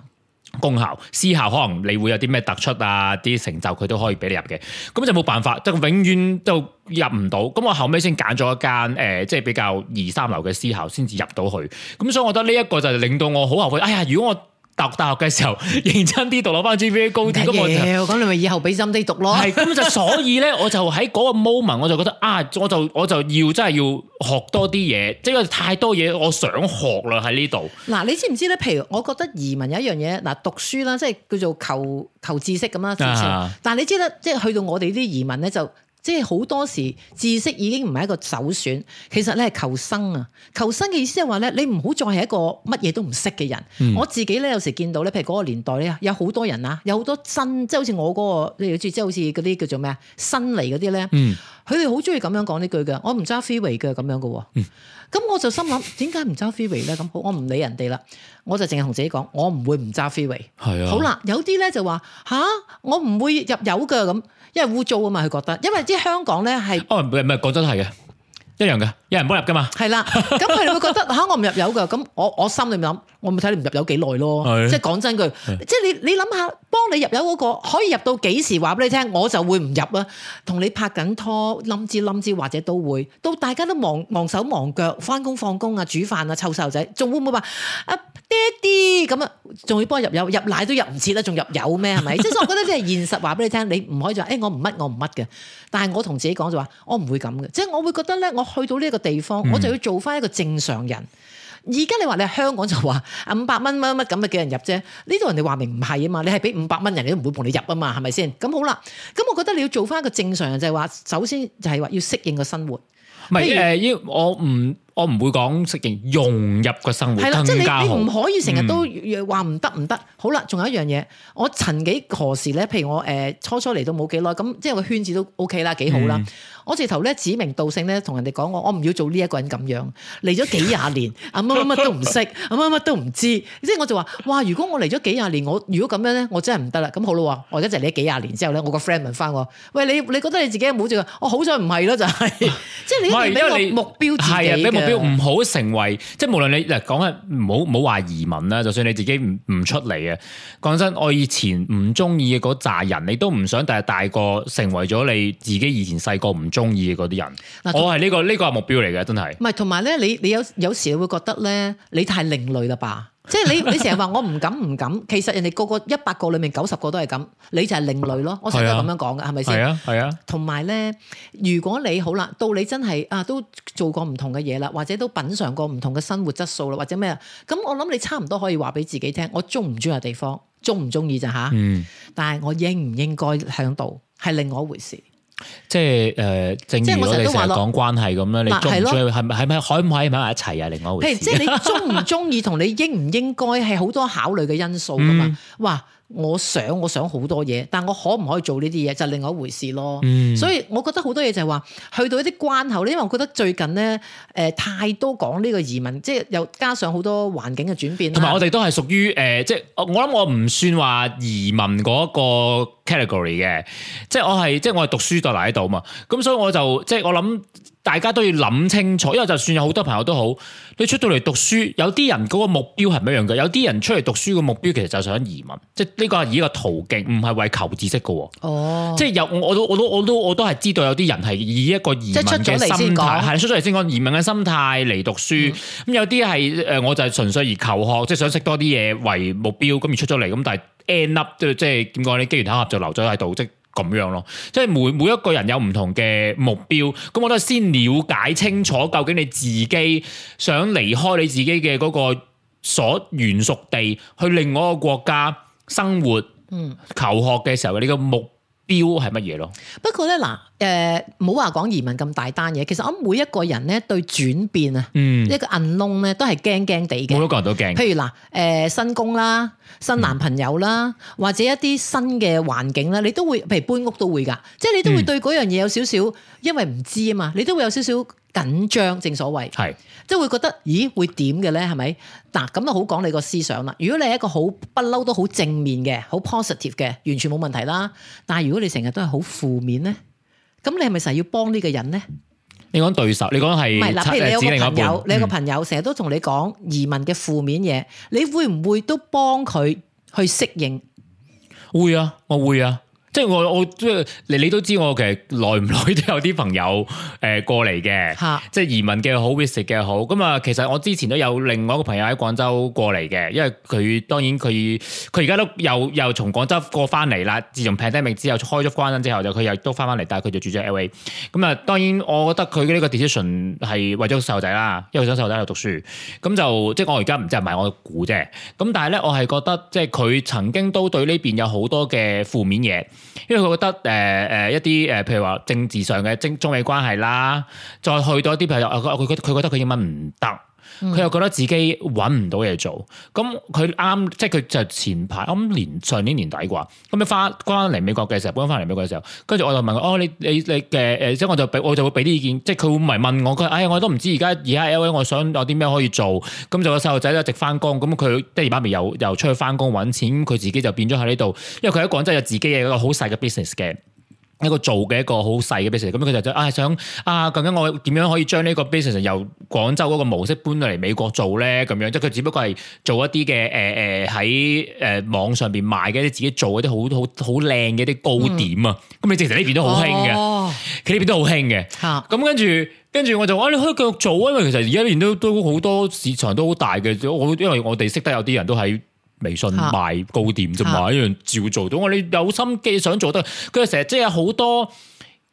功效私校可能你會有啲咩突出啊，啲成就佢都可以俾你入嘅，咁就冇辦法，就永遠都入唔到。咁我後尾先揀咗一間誒、呃，即係比較二三流嘅私校，先至入到去。咁所以我覺得呢一個就令到我好後悔。哎呀，如果我讀大學嘅時候認真啲讀，攞翻 GPA 高啲，咁行我咁你咪以後俾心啲讀咯。係，咁就所以咧，我就喺嗰個 moment，我就覺得 *laughs* 啊，我就我就要真係要學多啲嘢，即係太多嘢，我想學啦喺呢度。嗱、啊，你知唔知咧？譬如我覺得移民有一樣嘢，嗱，讀書啦，即係叫做求求知識咁啦。知啊。但係你知啦，即係去到我哋啲移民咧就。即係好多時，知識已經唔係一個首選。其實咧，係求生啊，求生嘅意思係話咧，你唔好再係一個乜嘢都唔識嘅人。嗯、我自己咧有時見到咧，譬如嗰個年代咧，有好多人啊，有好多新，即係好似我嗰個，你知即係好似嗰啲叫做咩啊，新嚟嗰啲咧。嗯佢哋好中意咁樣講呢句嘅，我唔揸 freeway 嘅咁樣嘅喎、喔，咁、嗯、我就心諗點解唔揸 freeway 咧？咁好，我唔理人哋啦，我就淨係同自己講，我唔會唔揸 freeway 係啊，好啦，有啲咧就話吓、啊，我唔會入油嘅咁，因為污糟啊嘛，佢覺得，因為啲香港咧係。哦，唔係唔係，講真係嘅。一樣嘅，有人幫入噶嘛？係啦，咁佢哋會覺得吓我唔入油噶，咁我我心裏面諗，我咪睇你唔入油幾耐咯，的即係講真句，的即係你你諗下，幫你入油嗰個可以入到幾時？話俾你聽，我就會唔入啦。同你拍緊拖，冧之冧之，或者都會到大家都忙忙手忙腳，翻工放工啊，煮飯啊，湊細路仔，仲會唔會話啊？呢啲咁啊，仲要幫佢入油入奶都入唔切啦，仲入油咩？係咪？即係 *laughs* 我覺得即係現實，話俾你聽，你唔可以就話誒，我唔乜，我唔乜嘅。但係我同自己講就話，我唔會咁嘅。即、就、係、是、我會覺得咧，我去到呢一個地方，嗯、我就要做翻一個正常人。而家你話你喺香港就話五百蚊乜乜咁嘅叫人入啫，呢度人哋話明唔係啊嘛。你係俾五百蚊人，你都唔會同你入啊嘛，係咪先？咁好啦，咁、嗯、我覺得你要做翻一個正常人，就係話，首先就係話要適應個生活。係誒，要、嗯呃、我唔。我唔會講適應融入個生活，係啦的，即係你你唔可以成日都話唔得唔得，好啦。仲有一樣嘢，我曾幾何時咧？譬如我誒、呃、初初嚟到冇幾耐，咁即係個圈子都 OK 啦，幾好啦。嗯我自頭咧，指名道姓咧同人哋講我，我唔要做呢一個人咁樣，嚟咗幾廿年，啊乜乜乜都唔識，啊乜乜都唔知， *laughs* 即係我就話，哇！如果我嚟咗幾廿年，我如果咁樣咧，我真係唔得啦。咁好啦，我而家就嚟咗幾廿年之後咧，我個 friend 問翻我，喂，你你覺得你自己冇住？我好在唔係咯，就係、是、 *laughs* 是即係你俾個目標自己嘅。係俾目標唔好成為，即係無論你講緊，唔好唔好話移民啦。就算你自己唔唔出嚟嘅，講真，我以前唔中意嘅嗰扎人，你都唔想第日大個成為咗你自己以前細個唔。中意嗰啲人，我係呢個呢個係目標嚟嘅，真係。唔係同埋咧，你你有有時你會覺得咧，你太另類啦吧？即係你你成日話我唔敢唔敢，其實人哋個個一百個裏面九十個都係咁，你就係另類咯。我成日都咁樣講嘅，係咪先？啊，係啊。同埋咧，如果你好啦，到你真係啊，都做過唔同嘅嘢啦，或者都品嘗過唔同嘅生活質素啦，或者咩啊，咁我諗你差唔多可以話俾自己聽，我中唔中意嘅地方，中唔中意咋吓？嗯。但係我應唔應該喺度係另外一回事。即係誒、呃，正如，如我哋成日講關係咁啦，嗯、你中唔中意係咪係咪可唔可，可以喺埋一齊啊？另外一回事，即係你中唔中意同你應唔應該係好多考慮嘅因素噶嘛？嗯、哇！我想我想好多嘢，但我可唔可以做呢啲嘢就係、另外一回事咯。嗯、所以，我覺得好多嘢就係話去到一啲關口咧，因為我覺得最近咧誒、呃、太多講呢個移民，即係又加上好多環境嘅轉變。同埋我哋都係屬於誒、呃，即係我諗我唔算話移民嗰個 category 嘅，即係我係即係我係讀書度嚟到嘛。咁所以我就即係我諗。大家都要諗清楚，因為就算有好多朋友都好，你出到嚟讀書，有啲人嗰個目標係唔一樣嘅。有啲人出嚟讀書嘅目標其實就想移民，即係呢個以一個途徑，唔係為求知識嘅。哦，即係有我都我都我都我都係知道有啲人係以一個移民嘅心態，係出咗嚟先講移民嘅心態嚟讀書。咁有啲係誒，我就係純粹而求學，即係想識多啲嘢為目標，咁而出咗嚟。咁但係 end up 即係點講咧？機緣巧合就留咗喺度即。咁樣咯，即係每每一個人有唔同嘅目標，咁我都係先了解清楚，究竟你自己想離開你自己嘅嗰個所原屬地，去另外一個國家生活、求學嘅時候，你個目標係乜嘢咯？嗯、不過呢，嗱。誒，冇話講移民咁大單嘢。其實我諗每一個人咧對轉變啊，嗯、一個銀窿咧都係驚驚地嘅。每一個人都驚。譬如嗱，誒、呃、新工啦、新男朋友啦，嗯、或者一啲新嘅環境啦，你都會譬如搬屋都會㗎，即係你都會對嗰樣嘢有少少，因為唔知啊嘛，你都會有少少緊張。正所謂係，是即係會覺得咦會點嘅咧係咪？嗱咁啊就好講你個思想啦。如果你係一個好不嬲都好正面嘅、好 positive 嘅，完全冇問題啦。但係如果你成日都係好負面咧，咁你係咪成日要幫呢個人呢？你講對手，你講係唔係？嗱，譬如你有個朋友，你有個朋友成日都同你講移民嘅負面嘢，你會唔會都幫佢去適應？會啊，我會啊。即係我我即係你你都知我其實耐唔耐都有啲朋友誒、呃、過嚟嘅， *laughs* 即係移民嘅好，visit 嘅好。咁啊、嗯，其實我之前都有另外一個朋友喺廣州過嚟嘅，因為佢當然佢佢而家都又又從廣州過翻嚟啦。自從 pandemic 之後開咗關之後就佢又都翻翻嚟，但係佢就住咗 L A、嗯。咁、嗯、啊，當然我覺得佢嘅呢個 decision 係為咗細路仔啦，因為佢想細路仔喺度讀書。咁、嗯、就即係我，是是我而家唔知係咪我估啫。咁、嗯、但係咧，我係覺得即係佢曾經都對呢邊有好多嘅負面嘢。因為佢覺得誒誒一啲誒，譬如話政治上嘅政中美關係啦，再去到一啲譬如，啊佢佢佢覺得佢英文唔得。佢、嗯、又覺得自己揾唔到嘢做，咁佢啱即係佢就前排啱年上年年底啩，咁樣翻翻嚟美國嘅時候，搬翻嚟美國嘅時候，跟住我就問佢，哦你你你嘅誒，即係我就俾我就會俾啲意見，即係佢會唔係問我，佢唉、哎、我都唔知而家而家 LA 我想有啲咩可以做，咁就個細路仔一直翻工，咁佢爹哋媽咪又又出去翻工揾錢，佢自己就變咗喺呢度，因為佢喺廣州有自己嘅一個好細嘅 business 嘅。一個做嘅一個好細嘅 business 咁佢就啊想啊，究竟我點樣可以將呢個 business 由廣州嗰個模式搬到嚟美國做咧？咁樣即係佢只不過係做一啲嘅誒誒喺誒網上邊賣嘅一啲自己做一啲好好好靚嘅一啲糕點啊。咁你正常呢邊都好興嘅，佢呢邊都好興嘅。吓，咁跟住跟住我就話，啊，你可以繼續做啊，因為其實而家呢邊都都好多市場都好大嘅。我因為我哋識得有啲人都喺。微信賣糕點啫，賣一樣照做到。我哋有心機想做得，佢哋成日即係好多。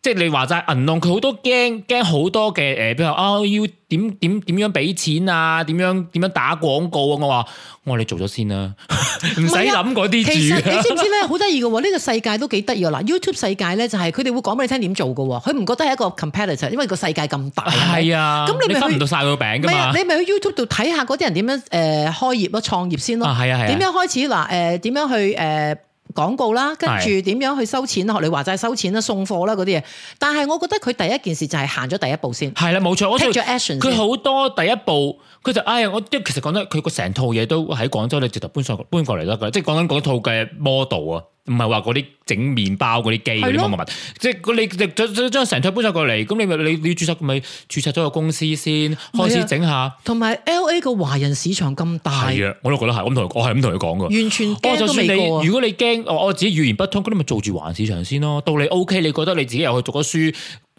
即係你話齋銀龍佢好多驚驚好多嘅誒，比如啊、哦、要點點點樣俾錢啊，點樣點樣打廣告啊？我話我話你做咗先啦、啊，唔使諗嗰啲住。其實你知唔知咧？好得意嘅喎，呢、呢個世界都幾得意啊！嗱，YouTube 世界咧就係佢哋會講俾你聽點做嘅喎，佢唔覺得係一個 competitor，因為個世界咁大。係啊，咁你咪分唔到曬個餅㗎嘛？啊、你咪去 YouTube 度睇下嗰啲人點樣誒開業咯，創業先咯。係啊係啊，點、啊啊啊、樣開始嗱誒？點、呃、樣去誒？呃廣告啦，跟住點樣去收錢啦，學的你話齋收錢啦、送貨啦嗰啲嘢。但係我覺得佢第一件事就係行咗第一步先。係啦，冇錯，我 take 咗 action。佢好多第一步，佢就哎呀，我即係其實講得佢個成套嘢都喺廣州，你直頭搬上搬過嚟得㗎。即係講緊嗰套嘅 model 啊。唔係話嗰啲整麵包嗰啲機咁樣物物，即係你將成台搬晒過嚟，咁你咪你你註冊咪註冊咗個公司先，開始整下。同埋 LA 個華人市場咁大，係啊，我都覺得係。咁同我係咁同你講噶，完全多咗。過。如果你驚我我自己語言不通，咁你咪做住華人市場先咯。到你 OK，你覺得你自己又去讀咗書。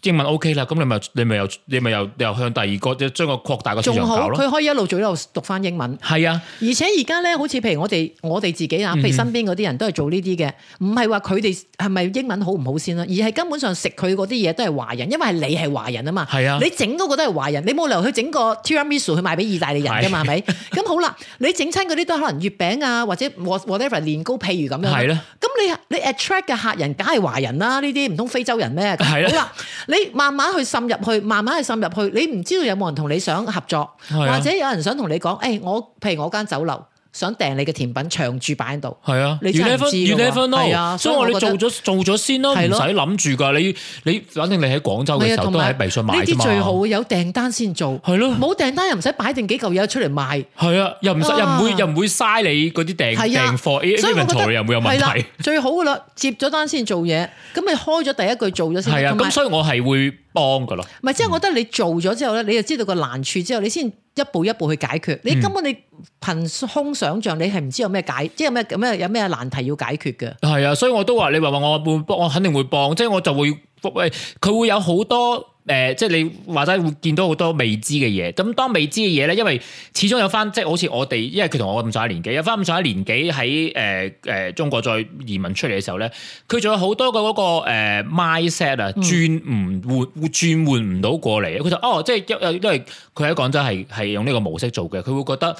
英文 OK 啦，咁你咪你咪又你咪又你又向第二個即係將個擴大個市場咯。仲好，佢可以一路做一路讀翻英文。係啊，而且而家咧，好似譬如我哋我哋自己啊，譬如身邊嗰啲人都係做呢啲嘅，唔係話佢哋係咪英文好唔好先啦，而係根本上食佢嗰啲嘢都係華人，因為你係華人啊嘛。係啊，你整嗰個都係華人，你冇理由去整個 Tiramisu 去賣俾意大利人㗎嘛？係咪？咁好啦，你整親嗰啲都可能月餅啊，或者 whatever 年糕，譬如咁樣。係咧。咁你你 attract 嘅客人梗係華人啦、啊，呢啲唔通非洲人咩？係、啊啊、好啦。你慢慢去滲入去，慢慢去滲入去，你唔知道有冇人同你想合作，或者有人想同你講，誒、欸，我譬如我間酒樓。想訂你嘅甜品長住擺喺度，係啊，你真係唔知嘅嘛，所以我哋做咗做咗先咯，唔使諗住噶，你你反正你喺廣州嘅時候都係喺微信買嘅嘛，呢啲最好會有訂單先做，係咯，冇訂單又唔使擺定幾嚿嘢出嚟賣，係啊，又唔使又唔會又唔會嘥你嗰啲訂訂貨，所以覺得又會有問題，最好嘅啦，接咗單先做嘢，咁咪開咗第一句做咗先，係啊，咁所以我係會。幫噶咯，唔係，即係我覺得你做咗之後咧，你就知道個難處之後，你先一步一步去解決。你根本你憑空想象，你係唔知有咩解，即係有咩咁咩有咩難題要解決嘅。係啊，所以我都話你話話我會幫，我肯定會幫，即係我就會喂佢會有好多。誒、呃，即係你話齋會見到好多未知嘅嘢。咁當未知嘅嘢咧，因為始終有翻，即係好似我哋，因為佢同我咁上下年紀，有翻咁上下年紀喺誒誒中國再移民出嚟嘅時候咧，佢仲有好多嘅、那、嗰個 mindset、呃、啊、嗯，轉唔換轉換唔到過嚟。佢就哦，即係因因為佢喺廣州係係用呢個模式做嘅，佢會覺得。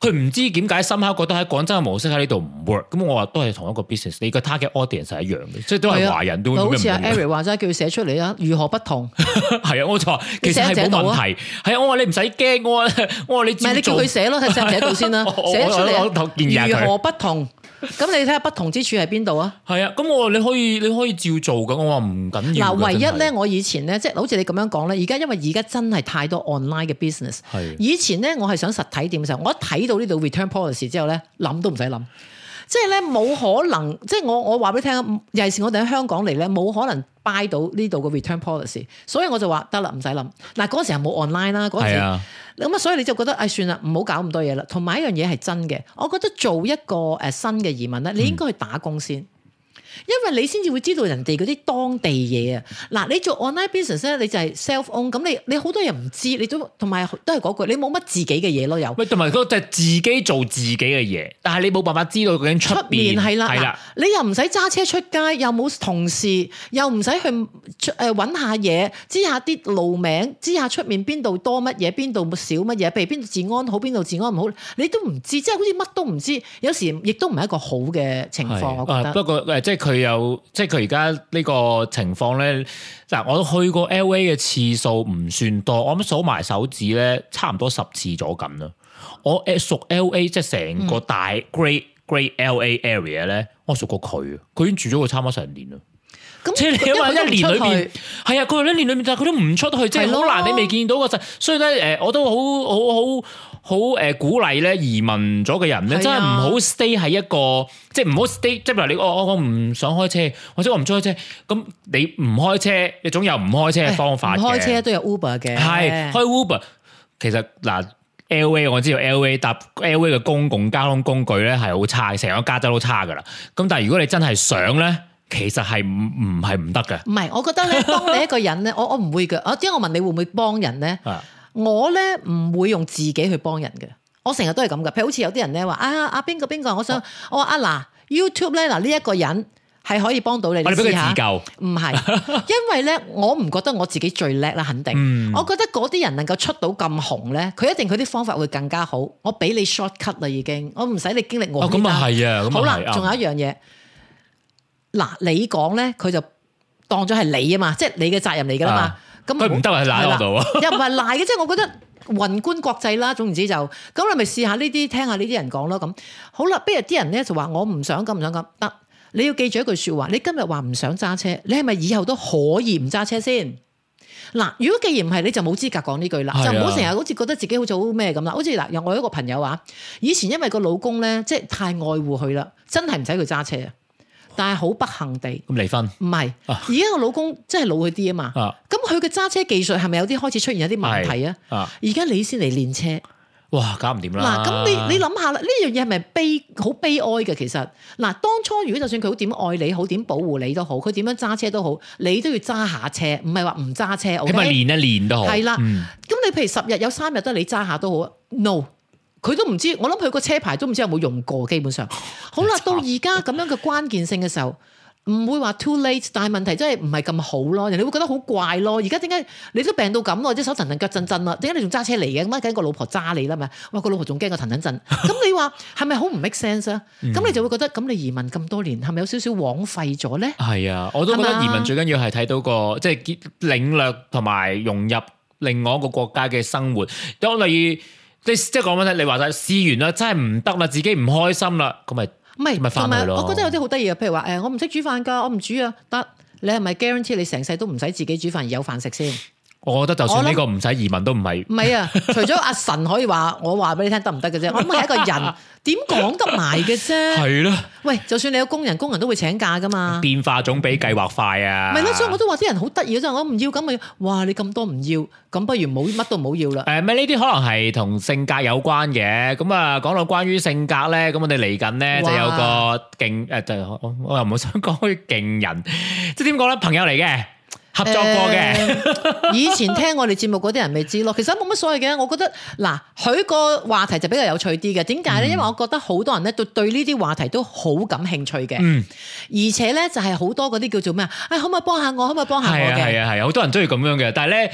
佢唔知點解深刻覺得喺廣州嘅模式喺呢度唔 work，咁我話都係同一個 business，你個 target audience 係一樣嘅，即係都係華人的，都會明，好似阿 Eric 話齋，叫佢寫出嚟啦，如何不同？係啊， *laughs* 冇錯，其實係冇問題。係啊，我話你唔使驚，我我話你唔係，你叫佢寫咯，睇寫唔寫到先啦。 *laughs* 我我我我寫出嚟，我我我我如何不同？咁你睇下不同之處喺邊度啊？係啊，咁我話你可以你可以照做噶，我話唔緊要。嗱，唯一咧，我以前咧，即係好似你咁樣講咧，而家因為而家真係太多 online 嘅 business 是。係。以前咧，我係想實體店嘅時候，我一睇到呢度 return policy 之後咧，諗都唔使諗，即係咧冇可能，即係我我話俾你聽，尤其是我哋喺香港嚟咧，冇可能。buy 到呢度嘅 return policy，所以我就話得啦，唔使諗。嗱，嗰陣時又冇 online 啦，嗰時咁啊，所以你就覺得唉、哎，算啦，唔好搞咁多嘢啦。同埋一樣嘢係真嘅，我覺得做一個誒新嘅移民咧，你應該去打工先。嗯因為你先至會知道人哋嗰啲當地嘢啊！嗱，你做 online business 咧，你就係 self own。咁你你好多嘢唔知，你都同埋都係嗰句，你冇乜自己嘅嘢咯。有，同埋嗰就係自己做自己嘅嘢，但係你冇辦法知道究竟出面係啦，係啦，了你又唔使揸車出街，又冇同事，又唔使去出誒揾下嘢，知下啲路名，知下出面邊度多乜嘢，邊度少乜嘢，譬如邊度治安好，邊度治安唔好，你都唔知，即係好似乜都唔知。有時亦都唔係一個好嘅情況。啊，不過即係佢有，即係佢而家呢個情況咧，嗱，我都去過 L A 嘅次數唔算多，我諗數埋手指咧，差唔多十次咗咁啦。我屬 L A，即係成個大 Great Great L A Area 咧，我屬過佢，佢已經住咗我差唔多成年啦。咁、嗯、即係你話一年裏邊，係啊，佢一年裏邊就佢都唔出去，即係好難你未見到、個實。所以咧，誒、呃，我都好好好。好誒、呃、鼓勵咧移民咗嘅人咧，是啊、真係唔好 stay 喺一個，即係唔好 stay。即係嗱，你、哦、我我我唔想開車，或者我唔想開車。咁你唔開車，你總有唔開車嘅方法嘅。唔開車都有 Uber 嘅，係開 Uber。其實嗱、呃，LA 我知道，LA 搭 LA 嘅公共交通工具咧係好差，成個加州都差㗎啦。咁但係如果你真係想咧，其實係唔唔係唔得嘅。唔係，我覺得咧，當你一個人咧， *laughs* 我我唔會嘅。啊，即係我問你會唔會幫人咧？我咧唔會用自己去幫人嘅，我成日都係咁嘅，譬如好似有啲人咧話啊，阿、啊、邊個邊個，我想、啊、我話阿嗱 YouTube 咧嗱呢一、啊這個人係可以幫到你，你嘗嘗我俾佢自救。唔係，因為咧我唔覺得我自己最叻啦，肯定。嗯、我覺得嗰啲人能夠出到咁紅咧，佢一定佢啲方法會更加好。我俾你 short cut 啦，已經，我唔使你經歷我、哦。咁、哦、啊係啊，啊，啊，好啦，仲有一樣嘢。嗱、啊，你講咧，佢就當咗係你啊嘛，即係你嘅責任嚟噶啦嘛。啊佢唔得係賴我度，又唔係賴嘅，即係我覺得雲觀國際啦，總言之就咁，你咪試下呢啲，聽下呢啲人講咯。咁好啦，不如啲人咧就話我唔想咁唔想咁，得你要記住一句説話，你今日話唔想揸車，你係咪以後都可以唔揸車先？嗱，如果既然唔係，你就冇資格講呢句啦。就唔好成日好似覺得自己好似好咩咁啦。好似嗱，有我一個朋友啊，以前因為個老公咧，即係太愛護佢啦，真係唔使佢揸車。但係好不幸地，咁離婚？唔係是，而家、啊、我老公真係老佢啲啊嘛。咁佢嘅揸車技術係咪有啲開始出現有啲問題啊？而家你先嚟練車，哇，搞唔掂啦！嗱、啊，咁你你諗下啦，呢樣嘢係咪悲好悲哀嘅？其實嗱、啊，當初如果就算佢好點愛你，好點保護你都好，佢點樣揸車都好，你都要揸下車，唔係話唔揸車，咁、okay? 咪練一練都好。係啦、嗯，咁你譬如十日有三日都係你揸下都好。No、嗯。佢都唔知，我諗佢個車牌都唔知有冇用過。基本上，好啦，到而家咁樣嘅關鍵性嘅時候，唔會話 too late，但係問題真係唔係咁好咯。人哋會覺得好怪咯。而家點解你都病到咁咯，即手震震腳震震啦？點解你仲揸車嚟嘅？點解個老婆揸你啦？咪哇，個老婆仲驚過騰騰震？咁你話係咪好唔 make sense 啊？咁你就會覺得，咁你移民咁多年，係咪有少少枉費咗咧？係啊，我都覺得移民最緊要係睇到個即係結領略同埋融入另外一個國家嘅生活。當你即即係講翻咧，你話晒，試完啦，真係唔得啦，自己唔開心啦，咁咪唔翻去咯。同埋我覺得有啲好得意嘅，譬如話誒，我唔識煮飯㗎，我唔煮啊，得，你係咪 guarantee 你成世都唔使自己煮飯而有飯食先？我覺得就算呢個唔使移民都唔係唔係啊！除咗阿神可以話，我話俾你聽得唔得嘅啫。我唔係一個人，點講得埋嘅啫？係咯。喂，就算你有工人，工人都會請假噶嘛？變化總比計劃快啊！咪咯，所以我都話啲人好得意嘅啫。我唔要咁咪，哇！你咁多唔要，咁不如唔好乜都唔好要啦。誒，咪呢啲可能係同性格有關嘅？咁啊，講到關於性格咧，咁我哋嚟緊咧就有個勁誒，就我又唔好想講去勁人，即係點講咧？朋友嚟嘅。合作過嘅，以前聽我哋節目嗰啲人未知咯。其實冇乜所謂嘅，我覺得嗱，佢個話題就比較有趣啲嘅。點解咧？因為我覺得好多人咧都對呢啲話題都好感興趣嘅。嗯，而且咧就係好多嗰啲叫做咩啊？哎，可唔可以幫下我？可唔可以幫下我嘅？係啊係啊，好多人中意咁樣嘅。但係咧，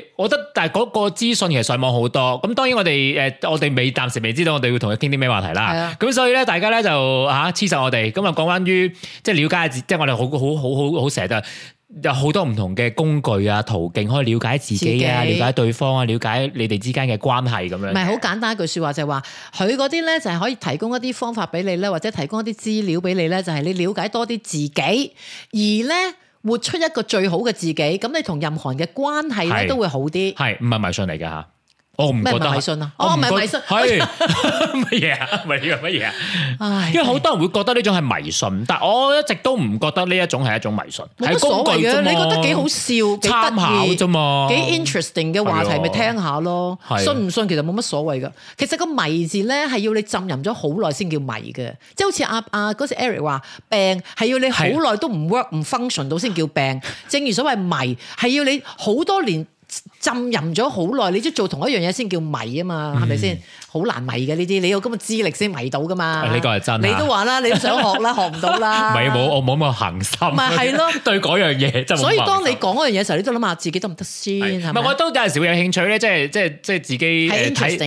誒，我覺得但係嗰個資訊其實上網好多。咁當然我哋誒，我哋未暫時未知道我哋會同佢傾啲咩話題啦。咁所以咧，大家咧就吓黐實我哋。咁啊，講翻於即係了解，即係我哋好好好好好成日。有好多唔同嘅工具啊、途徑可以了解自己啊、己了解對方啊、了解你哋之間嘅關係咁樣。唔係好簡單一句說話就係、是、話，佢嗰啲呢，就係、是、可以提供一啲方法俾你呢，或者提供一啲資料俾你呢，就係、是、你了解多啲自己，而呢，活出一個最好嘅自己。咁你同任何人嘅關係呢，是都會好啲。係唔係迷信嚟㗎吓？我唔覺得迷信啊！我唔係迷信，係乜嘢啊？乜嘢啊？因為好多人會覺得呢種係迷信，但係我一直都唔覺得呢一種係一種迷信，冇乜所謂嘅。你覺得幾好笑？參考啫嘛，幾 interesting 嘅話題，咪聽下咯。信唔信其實冇乜所謂噶。其實個迷字咧係要你浸淫咗好耐先叫迷嘅，即係好似阿阿嗰時 Eric 話病係要你好耐都唔 work 唔 function 到先叫病。正如所謂迷係要你好多年。浸淫咗好耐，你都做同一樣嘢先叫迷啊嘛，係咪先？好難迷嘅呢啲，你有咁嘅資歷先迷到噶嘛？呢個係真。你都話啦，你想學啦，學唔到啦。唔係，冇我冇咁嘅恒心。咪係咯，對嗰樣嘢真。所以當你講嗰樣嘢時候，你都諗下自己得唔得先？係咪？唔係，我都有時會有興趣咧，即係即係即係自己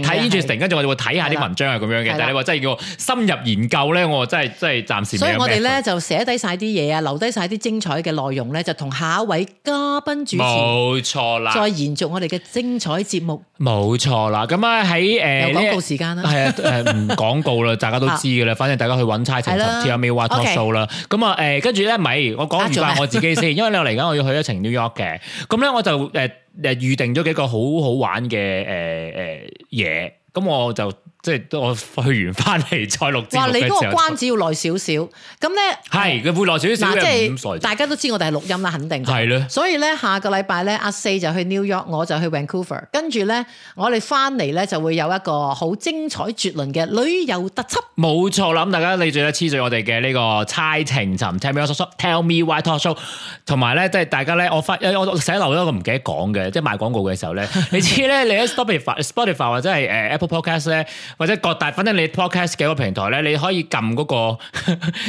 睇住，Instagram 跟住我會睇下啲文章係咁樣嘅。但係你話真係叫深入研究咧，我真係真係暫時。所以我哋咧就寫低晒啲嘢啊，留低晒啲精彩嘅內容咧，就同下一位嘉賓主持。冇錯啦。再做我哋嘅精彩節目，冇錯啦。咁啊喺誒，有廣、uh, 告時間啦，係啊，誒唔廣告啦，大家都知噶啦。 *laughs* 反正大家去揾差層層添， *laughs* 程程程未話托數啦。咁啊 Okay.、嗯，誒、嗯，跟住咧咪，我講唔翻我自己先，因為咧我嚟緊我要去一程 New York 嘅。咁咧我就誒誒預定咗幾個好好玩嘅誒誒嘢。咁我就。Uh, 即係都我去完翻嚟再錄，錄嘩。哇！你嗰個關子要耐少少，咁咧係佢會耐少少。即係大家都知我哋係錄音啦，肯定係、就是。係呢所以咧，下個禮拜咧，阿四就去 New York，我就去 Vancouver。跟住咧，我哋翻嚟咧就會有一個好精彩絕倫嘅旅遊特輯。冇錯啦！咁大家你最得黐住我哋嘅呢個猜情尋 *laughs* tell me why talk show。同埋咧，即係大家咧，我發我寫漏咗一個唔記得講嘅，即係賣廣告嘅時候咧， *laughs* 你知咧，你喺 Spotify、Spotify 或者係誒 Apple Podcast 咧。或者各大反正你 podcast 幾個平台咧，你可以撳嗰個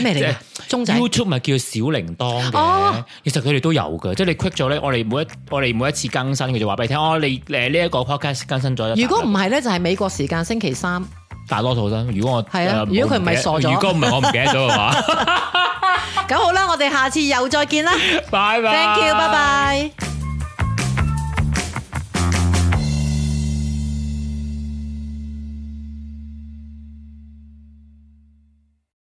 咩嚟嘅鐘仔，YouTube 咪叫小鈴鐺嘅。哦、其實佢哋都有嘅，即係你 quick 咗咧，我哋每一我哋每一次更新，佢就話俾你聽，哦，你誒呢一個 podcast 更新咗。如果唔係咧，就係美國時間星期三，大多數啦。如果我係啊，如果佢唔係傻咗，如果唔係我唔記得咗嘅話，咁好啦，我哋下次又再見啦，拜拜，thank you，拜拜。